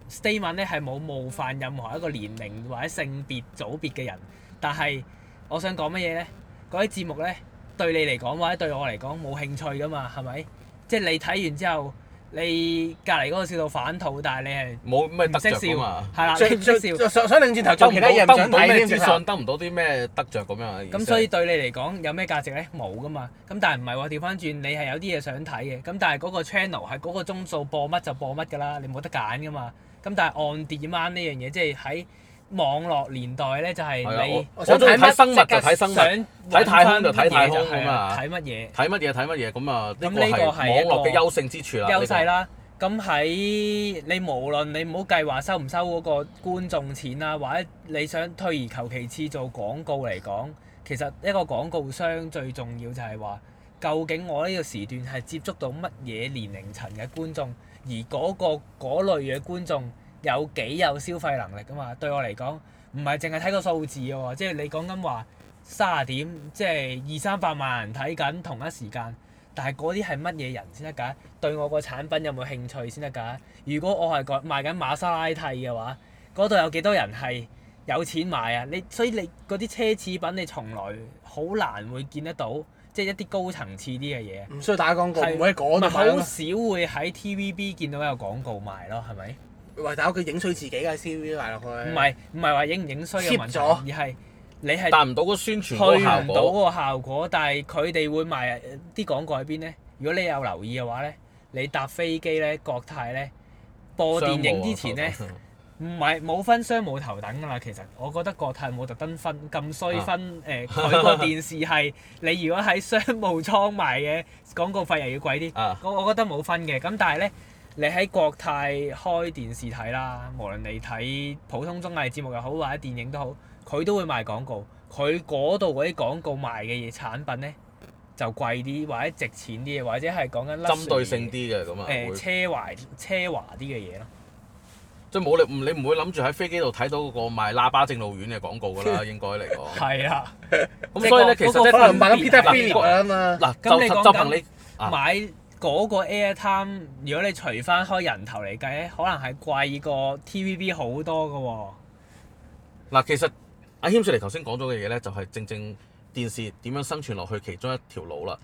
statement 咧係冇冒犯任何一個年齡或者性別組別嘅人。但係我想講乜嘢呢？嗰啲節目呢，對你嚟講或者對我嚟講冇興趣噶嘛，係咪？即係你睇完之後。你隔離嗰個笑到反肚，但係你係冇咩特色笑嘛？係啦，即係， [laughs] 笑， [laughs] 想想轉頭做其他嘢，睇，想得唔到咩？上得唔到啲咩得着，咁樣，咁所以對你嚟講有咩價值咧？冇噶嘛。咁但係唔係話，調翻轉你係有啲嘢想睇嘅。咁但係嗰個 channel 係嗰個鐘數播乜就播乜㗎啦。你冇得揀㗎嘛。咁但係 on demand 呢樣嘢即係喺。網絡年代咧就係你，我睇生物就睇生物，睇太空就睇太空啊嘛，睇乜嘢？睇乜嘢睇乜嘢咁啊？呢個係網絡嘅優勝之處啦。優勢啦。咁喺你無論你唔好計劃收唔收嗰個觀眾錢啊，或者你想退而求其次做廣告嚟講，其實一個廣告商最重要就係話，究竟我呢個時段係接觸到乜嘢年齡層嘅觀眾，而嗰個嗰類嘅觀眾。有幾有消費能力㗎嘛？對我嚟講，唔係淨係睇個數字喎。即係你講緊話三十點，即係二三百萬人睇緊同一時間。但係嗰啲係乜嘢人先得㗎？對我個產品有冇興趣先得㗎？如果我係講賣緊馬莎拉蒂嘅話，嗰度有幾多人係有錢買啊？你所以你嗰啲奢侈品，你從來好難會見得到，即係一啲高層次啲嘅嘢。唔需要打廣告，唔可以講賣。好少會喺 TVB 見到有廣告賣咯，係咪？話搞佢影衰自己嘅 C.V. 賣落去。唔係唔係話影唔影衰嘅問題，而係你係達唔到個宣傳個達唔到個效果。但係佢哋會賣啲、呃、廣告喺邊咧？如果你有留意嘅話咧，你搭飛機咧，國泰咧播電影之前咧，唔係冇分商務頭等㗎啦。其實我覺得國泰冇特登分咁衰分誒，佢個、啊呃、電視係你如果喺商務艙賣嘅廣告費又要貴啲。啊、我我覺得冇分嘅，咁但係咧。你喺國泰開電視睇啦，無論你睇普通綜藝節目又好，或者電影都好，佢都會賣廣告。佢嗰度嗰啲廣告賣嘅嘢產品咧，就貴啲或者值錢啲，或者係講緊針對性啲嘅咁啊誒奢華奢華啲嘅嘢咯，即係冇你唔你唔會諗住喺飛機度睇到個賣喇叭正路丸嘅廣告㗎啦，應該嚟講係啊。咁所以咧，其實即係可能賣緊 P 啊嘛。嗱，就憑你買。嗰個 Airtime，如果你除翻開人頭嚟計，可能係貴過 TVB 好多噶喎，哦。嗱，其實阿謙少嚟頭先講咗嘅嘢咧，就係、是、正正電視點樣生存落去其中一條路啦。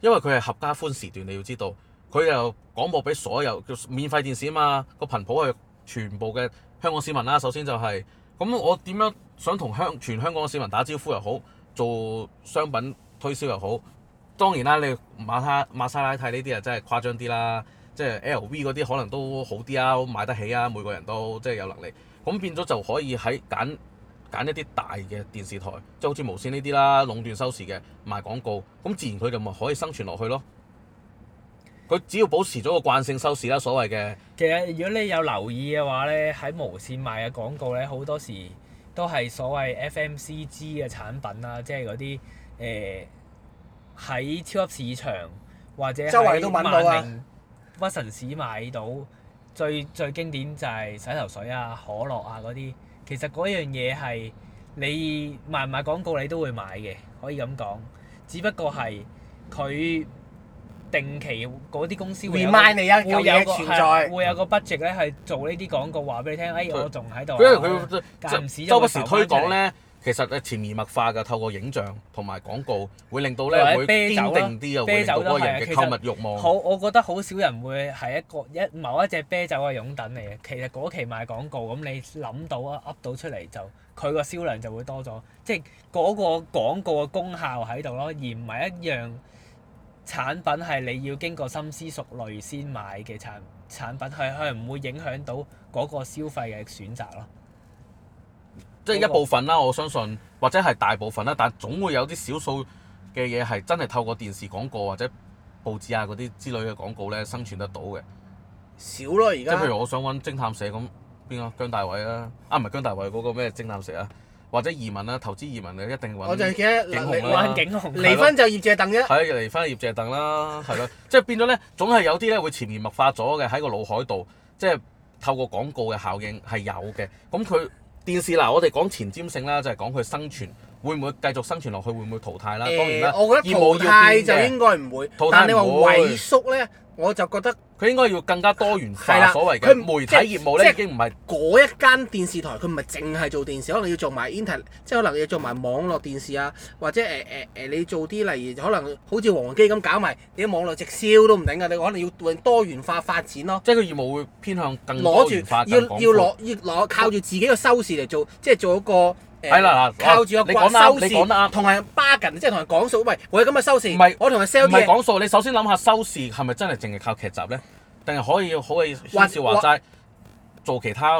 因為佢係合家歡時段，你要知道，佢又廣播俾所有叫免費電視啊嘛，個頻譜係全部嘅香港市民啦，啊。首先就係、是、咁，我點樣想同香全香港市民打招呼又好，做商品推銷又好。當然啦，你馬哈馬莎拉蒂呢啲啊，真係誇張啲啦。即係 LV 嗰啲可能都好啲啊，買得起啊，每個人都即係有能力。咁變咗就可以喺揀揀一啲大嘅電視台，即係好似無線呢啲啦，壟斷收視嘅賣廣告，咁自然佢就咪可以生存落去咯。佢只要保持咗個慣性收視啦，所謂嘅。其實如果你有留意嘅話咧，喺無線賣嘅廣告咧，好多時都係所謂 FMCG 嘅產品啦，即係嗰啲誒。呃喺超級市場或者周圍都揾到啊。萬寧、屈臣氏買到，最最經典就係洗頭水啊、可樂啊嗰啲，其實嗰樣嘢係你賣唔賣廣告你都會買嘅，可以咁講。只不過係佢定期嗰啲公司會賣你有舊嘢 remind you, 存在，會有個 budget 咧係做呢啲廣告，話俾你聽。哎，我仲喺度。唉啊、因為佢周不時推廣咧。其實係潛移默化嘅，透過影像同埋廣告，會令到咧會堅定啲啊，啤酒會令到嗰人嘅購物欲望。好，我覺得好少人會係一個一某一隻啤酒嘅擁躉嚟嘅。其實嗰期賣廣告，咁你諗到啊，噏到出嚟就佢個銷量就會多咗，即係嗰、嗰個廣告嘅功效喺度咯，而唔係一樣產品係你要經過深思熟慮先買嘅產產品，係係唔會影響到嗰個消費嘅選擇咯。即係一部分啦，我相信或者係大部分啦，但係總會有啲少數嘅嘢係真係透過電視廣告或者報紙啊嗰啲之類嘅廣告咧生存得到嘅。少咯，而家。即譬如我想揾偵探社咁，邊個？姜大偉啊？啊，唔係姜大偉嗰個咩偵探社啊？或者移民啦，投資移民就一定揾。我就記得康宏離婚就葉謝鄧啫。係啊，離婚葉謝鄧啦，係咯， [laughs] 即係變咗咧，總係有啲咧會潛移默化咗嘅喺個腦海度，即係透過廣告嘅效應係有嘅，咁佢。電視嗱，我哋講前瞻性啦，就係、是、講佢生存會唔會繼續生存落去，會唔會淘汰啦？欸、當然啦，我覺得淘汰義務要就應該唔會。淘汰你話萎縮咧？我就覺得佢應該要更加多元化，的所謂嘅佢媒體業務咧，是已經唔係嗰一間電視台，佢唔係淨係做電視，可能要做埋 inter，即係可能要做埋網絡電視啊，或者誒誒誒，你做啲例如可能好似黃黃機咁搞埋，你啲網絡直銷都唔頂㗎，你可能要用多元化發展咯。即係個業務會偏向更多元化。攞住要要攞要攞靠住自己嘅收視嚟做，即係做一個。係啦啦，靠住個收視市，同埋 bargain，即係同人講數。喂，我咁嘅收視，是我同人 sell 嘅。唔係講數，你首先諗下收視係咪真係淨係靠劇集咧？定係可以好以，玩笑話齋，做其他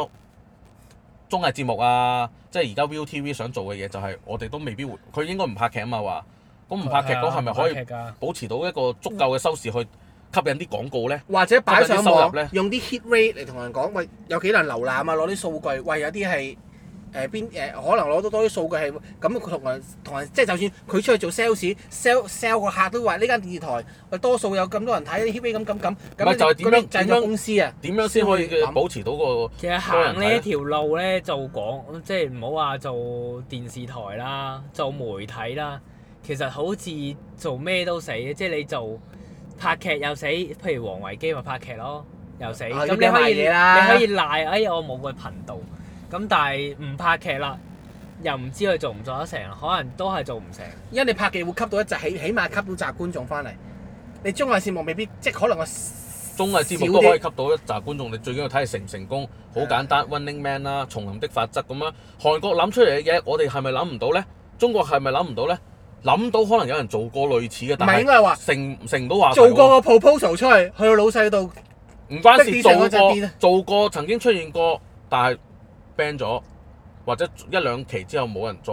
綜藝節目啊，即係而家 ViuTV 想做嘅嘢，就是，就係我哋都未必會。佢應該唔拍劇啊嘛？話咁唔拍劇，咁係咪可以保持到一個足夠嘅收視去吸引啲廣告咧？或者擺上網咧，收入用啲 hit rate 嚟同人講，喂，有幾多人瀏覽啊？攞啲數據，喂，有啲係。誒邊，誒可能攞到多啲數據，係咁同人同人，即係就算佢出去做 sales，sell sell 個客都話呢間電視台，我多數有咁多人睇。咁咁咁咁咁咁製作公司啊，點樣先可以保持到個，其實行呢一條路咧？就講即係唔好話做電視台啦，做媒體啦，其實好似做咩都死嘅，即係你做拍劇又死，譬如王維基咪拍劇咯，又死。咁你可以你可以賴，哎，我冇個頻道。咁但係唔拍劇啦，又唔知佢做唔做得成，可能都係做唔成。因為你拍劇會吸到一集起，起碼吸到集觀眾翻嚟。你綜藝節目未必，即係可能個綜藝節目都可以吸到一集觀眾。你最緊要睇係成唔成功，好的簡單。的 Running Man 啦，叢林的法則咁樣，韓國諗出嚟嘅嘢，我哋係咪諗唔到咧？中國係咪諗唔到咧？諗到可能有人做過類似嘅，但係應該話，成成唔成到話。做過個 proposal 出去，去到老細度，唔關事做過，做過，做過，曾經出現過，但係。咗或者一兩期之後冇人再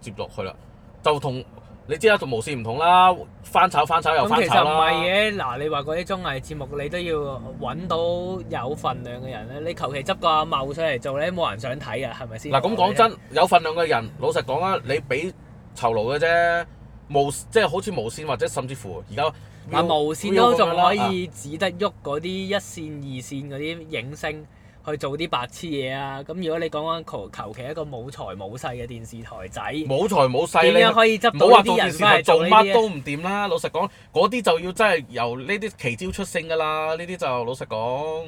接落去啦，就同你知啦，同無線唔同啦，翻炒翻炒又翻炒啦。咁其實唔係嘅，嗱，你話嗰啲綜藝節目，你都要揾到有份量嘅人咧。你求其執個阿茂上嚟做咧，冇人想睇啊，係咪先？嗱，咁講真，有份量嘅人，老實講啊，你俾酬勞嘅啫，無即係、就是、好似無線或者甚至乎而家。但無線都仲可以只得喐嗰啲一線二線嗰啲影星。去做啲白痴嘢啊！咁如果你講講求其一個冇財冇勢嘅電視台仔，冇財冇勢，點樣可以執到啲人？冇話做電視台做乜都唔掂啦！老實講，嗰啲就要真係由呢啲奇招出聲㗎喇！呢啲就老實講，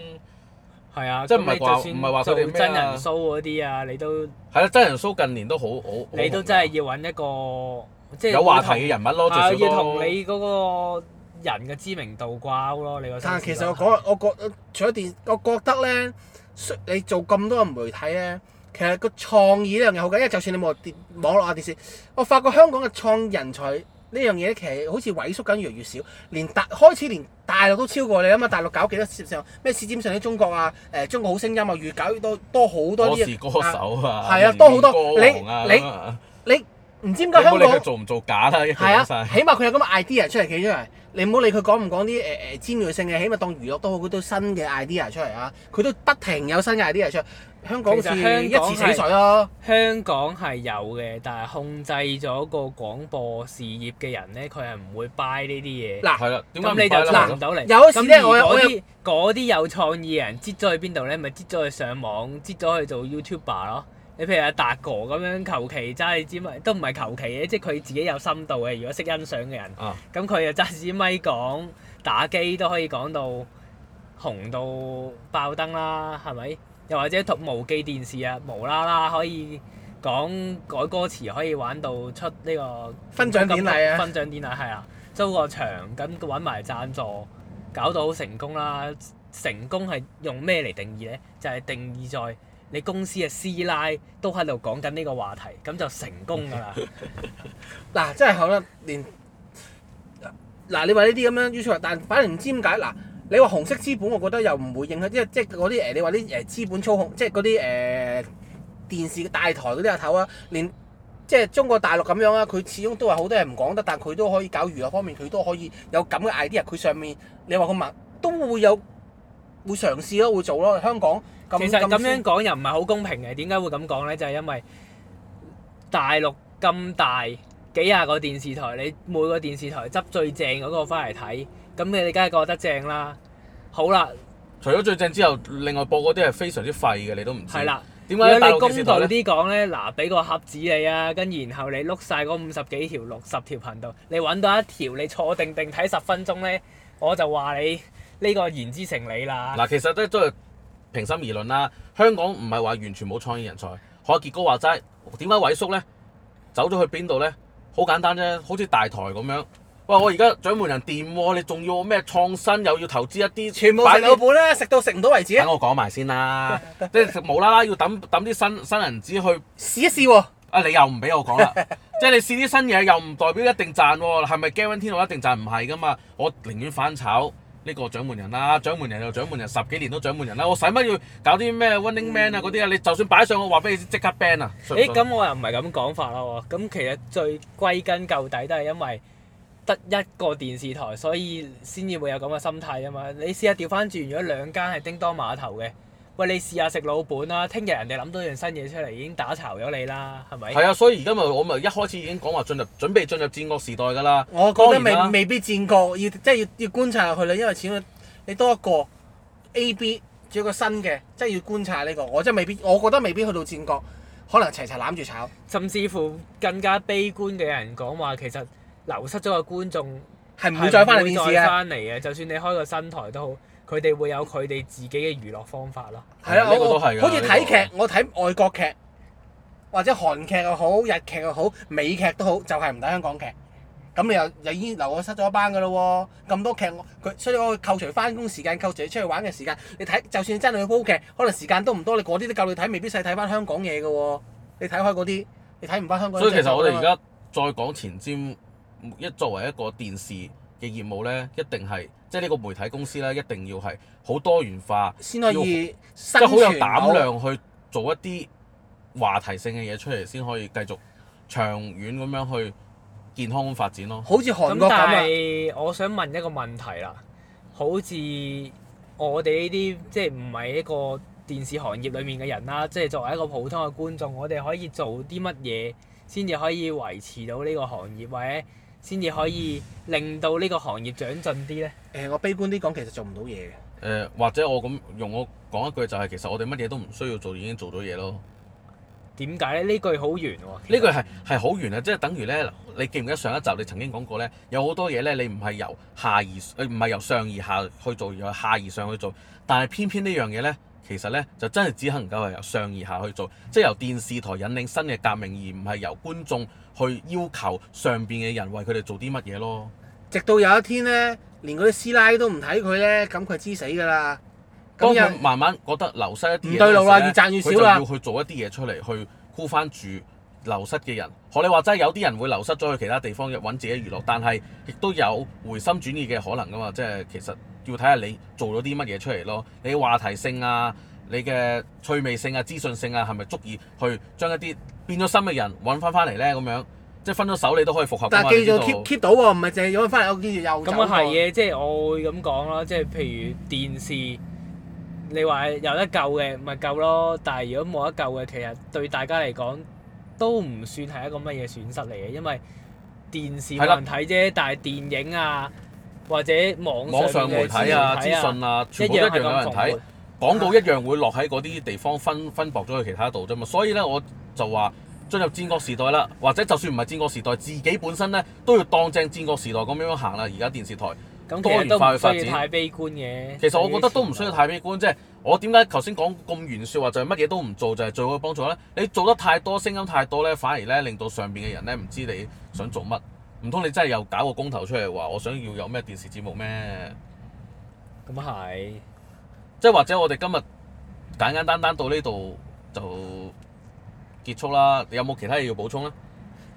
係啊，即係唔係話唔係話佢真人 show 嗰啲啊？你都係啦，真人 show 近年都好，好你都真係要揾一個即係有話題嘅人物咯。係要同你嗰個人嘅知名度掛鈎咯。你個，但其實我講我覺除咗電，我覺得咧。你做咁多個媒體咧，其實個創意呢樣嘢好緊要，因為就算你冇電網絡啊電視，我發覺香港嘅創意人才呢樣嘢其實好似萎縮緊越嚟越少。連大開始連大陸都超過你，咁啊大陸搞幾多尖上咩？尖上啲中國啊，誒中國好聲音啊，越搞越多多好多啲。我是歌手啊，係啊，啊啊多好多你你這樣 你唔你知點解香港做唔做假啦？係啊，啊啊起碼佢有咁嘅 idea 出嚟企出嚟。 [laughs] 你唔好理佢講唔講啲誒誒尖銳性嘅，起碼當娛樂都好，佢都新嘅 idea 出嚟啊！佢都不停有新嘅 idea 出嚟。香港好似一池死水咯。香港係有嘅，但係控制咗個廣播事業嘅人咧，佢係唔會 buy 呢啲嘢。嗱係啦，咁你就行唔啦到嚟。有時咧，我我啲有創意嘅人擠，擠咗去邊度咧？咪擠咗去上網，擠咗去做 YouTuber 咯。你譬如阿達哥咁樣求其，揸支咪都唔係求其嘅，即係佢自己有深度嘅。如果識欣賞嘅人，咁佢又揸支咪講打機都可以講到紅到爆燈啦，係咪？又或者套無記電視啊，無啦啦可以講改歌詞，可以玩到出呢、這個啊、個分獎典禮啊！分獎典禮係啊，租個場咁揾埋贊助，搞到好成功啦！成功係用咩嚟定義咧？就係、是、定義在。你公司嘅師奶都喺度講緊呢個話題，咁就成功㗎啦！嗱、 [laughs] 啊，真係好得連嗱、啊，你話呢啲咁樣於出，但反而唔知點解嗱，你話紅色資本，我覺得又唔會影響，因為即係嗰啲誒，你話啲誒資本操控，即係嗰啲誒電視大台嗰啲阿頭啊，連即係中國大陸咁樣啊，佢始終都係好多人唔講得，但佢都可以搞娛樂方面，佢都可以有咁嘅 idea。佢上面你話個文都會有會嘗試咯，會做咯，香港。其實咁樣講又唔係好公平嘅，點解會咁講呢？就係因為大陸咁大幾廿個電視台，你每個電視台執最正嗰個翻嚟睇，咁你哋梗係覺得正啦。好啦，除咗最正之後，另外播嗰啲係非常之廢嘅，你都唔知。係啦，點解？如果你公道啲講呢？嗱，俾個盒子你啊，跟然後你碌晒嗰五十幾條、六十條頻道，你揾到一條你坐定定睇十分鐘呢，我就話你呢個言之成理啦。嗱，其實都都係。平心而論啦，香港唔係話完全冇創意人才。海傑哥話齋，點解萎縮咧？走咗去邊度咧？好簡單啫，好似大台咁樣。喂，我而家掌門人掂喎，你仲要咩創新？又要投資一啲，全部食老本咧，食到食唔到為止？等我講埋先啦，即係 [laughs] 無啦啦要抌抌啲新新人資去試一試喎。啊！你又唔俾我講啦？即係你試啲新嘢又唔代表一定賺喎？係咪驚溫天我一定賺唔係噶嘛？我寧願翻炒。呢個掌門人啦，掌門人就掌門人，十幾年都掌門人啦。我使乜要搞啲咩 Running Man 啊嗰啲啊？你就算擺上我，我話俾你即刻 ban 啊！誒、欸，咁便我又唔係咁講法啦喎。咁其實最歸根究底都係因為得一個電視台，所以先至會有咁嘅心態啫嘛。你試下調翻轉如果兩間係叮噹碼頭嘅。喂，你試下食老本啦！聽日人哋諗到樣新嘢出嚟，已經打巢咗你啦，係咪？係啊，所以而家咪我咪一開始已經講話進入準備進入戰國時代㗎啦。我覺得未未必戰國，要即係要要觀察下去啦，因為始終你多一個 A、B，仲有個新嘅，即係要觀察呢個。我真係未必，我覺得未必去到戰國，可能齊齊攬住炒。甚至乎更加悲觀嘅人講話，其實流失咗嘅觀眾係唔會再翻嚟電視嘅，就算你開個新台都好。佢哋會有佢哋自己嘅娛樂方法咯。係啊、嗯，這個、我我好似睇劇，這個、我睇外國劇或者韓劇又好、日劇又好、美劇都好，就係唔睇香港劇。咁你又又已經留我失咗班㗎咯喎！咁多劇佢，所以我扣除翻工時間，扣除出去玩嘅時間，你睇就算你真係去煲劇，可能時間都唔多，你嗰啲都夠你睇，未必使睇翻香港嘢㗎喎。你睇開嗰啲，你睇唔翻香港。所以其實我哋而家再講前瞻，一作為一個電視嘅業務咧，一定係。即係呢個媒體公司咧，一定要係好多元化，先可以即係好有膽量去做一啲話題性嘅嘢出嚟，先的可以繼續長遠咁樣去健康咁發展咯。好似韓國咁，但係我想問一個問題啦。好似我哋呢啲即係唔係一個電視行業裡面嘅人啦，即係作為一個普通嘅觀眾，我哋可以做啲乜嘢先至可以維持到呢個行業或者，先至可以令到呢個行業長進啲呢。誒、呃，我悲觀啲講，其實做唔到嘢嘅。或者我咁用我講一句，就係、係、其實我哋乜嘢都唔需要做，已經做到嘢咯。點解呢句好圓喎？呢句係係好圓啊！即係等於呢：你記唔記得上一集你曾經講過呢？有好多嘢呢，你唔係由下而唔係由上而下去做，而係下而上去做。但係偏偏呢樣嘢呢。其實咧，就真係只係能夠係由上而下去做，即係由電視台引領新嘅革命，而唔係由觀眾去要求上邊嘅人為佢哋做啲乜嘢咯。直到有一天咧，連嗰啲師奶都唔睇佢咧，咁佢知死噶啦。當佢慢慢覺得流失一啲嘢咧，唔對路啦，越賺越少啦。佢就要去做一啲嘢出嚟去箍翻住流失嘅人。學你話齋係有啲人會流失咗去其他地方嘅揾自己娛樂，但係亦都有回心轉意嘅可能噶嘛？即係其實。要睇下你做咗啲乜嘢出嚟咯，你嘅話題性啊，你嘅趣味性啊，資訊性啊，係咪足以去將一啲變咗心嘅人揾翻翻嚟咧？咁樣即係分咗手你都可以復合。但係記住 keep keep 到唔係淨係有翻我記住又咁啊係嘅，即係我會咁講啦，即係譬如電視，你話有得救嘅咪夠咯，但係如果冇得救嘅，其實對大家嚟講都唔算係一個乜嘢損失嚟嘅，因為電視冇人睇啫，但係電影啊。或者網上網上媒體啊、資訊啊，全部一樣有人睇，啊、廣告一樣會落喺嗰啲地方分分薄咗去其他度啫嘛。所以咧，我就話進入戰國時代啦，或者就算唔係戰國時代，自己本身咧都要當正戰國時代咁樣樣行啦。而家電視台多元化去發展，太悲觀嘅。其實我覺得都唔需要太悲觀，即係我點解頭先講咁玄説話就係乜嘢都唔做就係、是、最好嘅幫助咧。你做得太多聲音太多咧，反而咧令到上邊嘅人咧唔知你想做乜。唔通你真係又搞個公投出嚟話我想要有咩電視節目咩？咁係是。即係或者我哋今日簡簡單單單到呢度就結束啦。你有冇其他嘢要補充咧？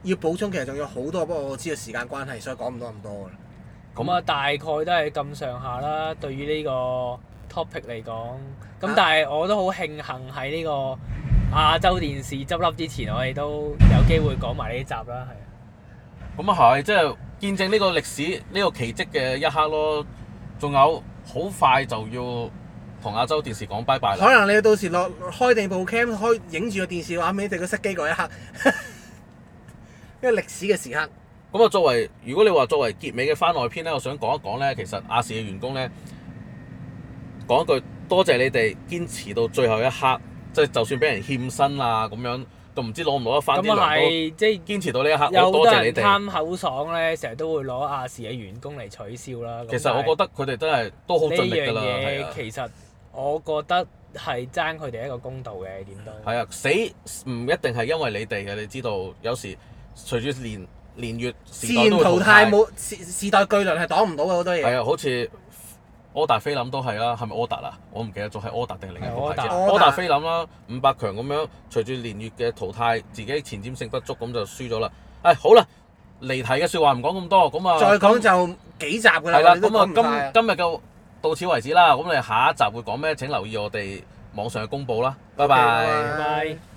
要補充其實仲有好多，不過我知道時間關係，所以講唔到咁多咁啊，樣大概都係咁上下啦。對於呢個 topic 嚟講，咁、啊、但係我都好慶幸喺呢個亞洲電視執笠之前，我哋都有機會講埋呢集啦，係。咁啊係，即係見證呢個歷史、呢個奇蹟嘅一刻咯。仲有好快就要同亞洲電視講拜拜啦。可能你到時落開定部 cam，開影住個電視畫面，你哋個熄機嗰一刻，一 [laughs] 個歷史嘅時刻。咁啊，作為如果你話作為結尾嘅番外篇咧，我想講一講咧，其實亞視嘅員工咧，講一句多謝你哋堅持到最後一刻，即係就算俾人欠薪啊咁樣。都唔知攞唔攞得翻。咁啊即係是堅持到呢一刻，我多謝你哋。貪口爽咧，成日都會攞亞視嘅員工嚟取笑啦。其實我覺得佢哋真係都好盡力㗎啦。啊、其實我覺得係爭佢哋一個公道嘅點都。係啊，啊死唔一定係因為你哋嘅，你知道有時隨住年年月時代自然淘汰冇，時代巨輪係擋唔到嘅好多嘢。係啊，好似～柯達菲林都係啦，係咪柯達啊？我唔記得咗係柯達定係另一個牌子。柯達 Order, 菲林啦，五百強咁樣，隨住年月嘅淘汰，自己前瞻性不足，咁就輸咗啦。誒、哎，好啦，離題嘅說話唔講咁多，咁啊，再講就幾集噶啦。係啦的，咁啊，今今日就到此為止啦。咁你下一集會講咩？請留意我哋網上嘅公布啦。Okay, 拜拜。拜拜。